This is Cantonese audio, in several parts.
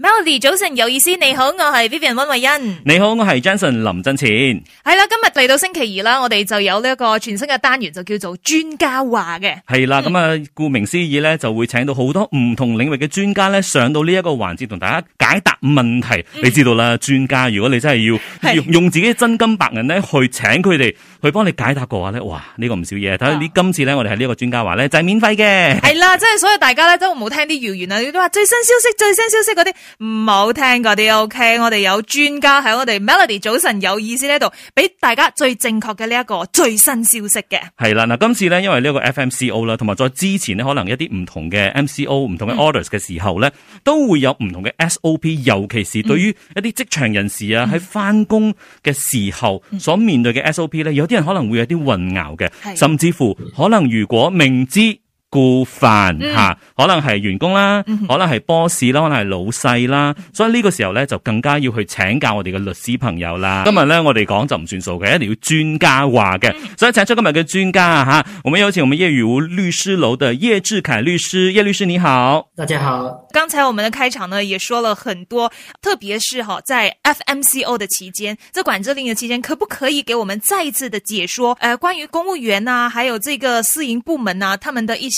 Melody 早晨有意思，你好，我係 Vivian 溫慧欣。你好，我係 Jason 林振前。係啦，今日嚟到星期二啦，我哋就有呢一個全新嘅單元，就叫做專家話嘅。係啦，咁、嗯、啊，顧名思義咧，就會請到好多唔同領域嘅專家咧，上到呢一個環節同大家解答問題。嗯、你知道啦，專家，如果你真係要用用自己真金白銀咧，去請佢哋。佢幫你解答過話咧，哇！呢、這個唔少嘢。睇下呢今次咧，我哋喺呢個個專家話咧，就係免費嘅、哦。 係啦，即係所以大家咧都唔好聽啲謠言啊！你都話最新消息、最新消息嗰啲唔好聽嗰啲。O.K.，我哋有專家喺我哋 Melody 早晨有意思呢度，俾大家最正確嘅呢一個最新消息嘅。係啦，嗱，今次呢，因為呢個個 F.M.C.O. 啦，同埋在之前呢，可能一啲唔同嘅 M.C.O. 唔同嘅 Orders 嘅時候咧，嗯、都會有唔同嘅 S.O.P.，尤其是對於一啲職場人士啊，喺翻工嘅時候所面對嘅 S.O.P. 咧、嗯、有。啲人可能會有啲混淆嘅，甚至乎可能如果明知。僱飯吓，可能係員工啦，可能係 boss 啦，可能係老細啦，嗯、啦，所以呢個時候呢，就更加要去請教我哋嘅律師朋友啦。嗯、今日呢，我哋講就唔算數嘅，一定要專家話嘅、嗯。所以請出今日嘅專家啊吓，我們有請我們葉語湖律師樓嘅葉智凱律師，葉律師你好，大家好。剛才我們的開場呢，也說了很多，特別是在 FMCO 的期間，在管制令嘅期間，可不可以給我們再一次的解說？誒、呃，關於公務員啊，還有這個私營部門啊，他們的一些。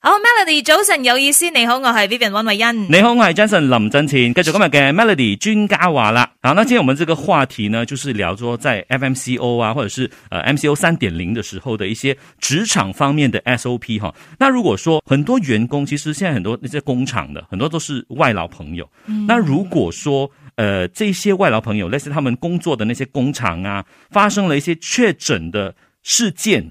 好、oh，Melody，早晨有意思。你好，我係 Vivian 溫慧欣。你好，我係 Jason 林真晴。繼續今日嘅 Melody 君家話啦。好，那今天我們這個話題呢，就是聊咗在 FMCO 啊，或者是、呃、MCO 3.0的時候的一些職場方面的 SOP 哈、啊。那如果說很多員工，其實現在很多那些工廠的，很多都是外勞朋友。嗯。那如果說，呃，這些外勞朋友，類似他們工作的那些工廠啊，發生了一些確診的事件。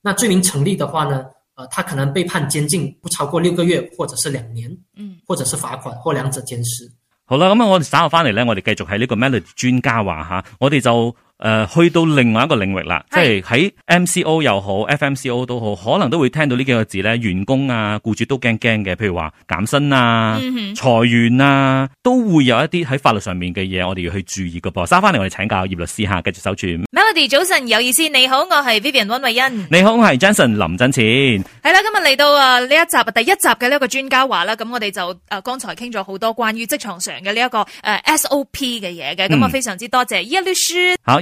那罪名成立的話呢？呃，他可能被判監禁不超過六個月，或者是兩年，嗯，或者是罰款或兩者兼施、嗯。好啦，咁啊，我哋稍後翻嚟咧，我哋繼續喺呢個 Melody 專家話吓，我哋就。誒、呃，去到另外一個領域啦，即係喺 MCO 又好，FMCO 都好，可能都會聽到呢幾個字咧，員工啊，僱主都驚驚嘅，譬如話減薪啊、嗯，裁員啊，都會有一啲喺法律上面嘅嘢，我哋要去注意噶噃。收翻嚟我哋請教葉律師吓，繼續守住。Melody 早晨，有意思，你好，我係 Vivian 溫慧欣。你好，我係 Johnson 林振前。係啦，今日嚟到啊呢一集第一集嘅呢一個專家話啦，咁我哋就誒、呃、剛才傾咗好多關於職場上嘅呢一個誒 SOP 嘅嘢嘅，咁、呃、啊非常之多謝葉律師。嗯、好。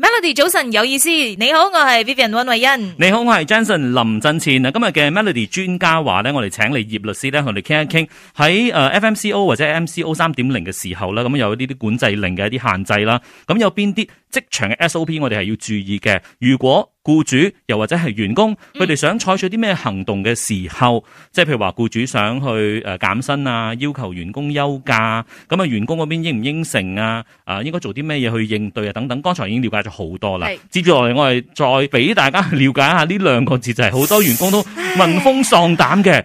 Melody 早晨有意思，你好，我係 Vivian 溫慧欣。你好，我係 Jason 林振前。啊，今日嘅 Melody 專家話呢，我哋請嚟葉律師呢，同你傾一傾喺 FMCO 或者 MCO 3.0嘅時候咧，咁有呢啲管制令嘅一啲限制啦。咁有邊啲？職場嘅 SOP 我哋係要注意嘅。如果僱主又或者係員工，佢哋想採取啲咩行動嘅時候，即係譬如話僱主想去誒減薪啊，要求員工休假，咁啊員工嗰邊應唔應承啊？啊，應該做啲咩嘢去應對啊？等等，剛才已經了解咗好多啦。接住落嚟，我哋再俾大家了解一下呢兩個字，就係好多員工都聞風喪膽嘅。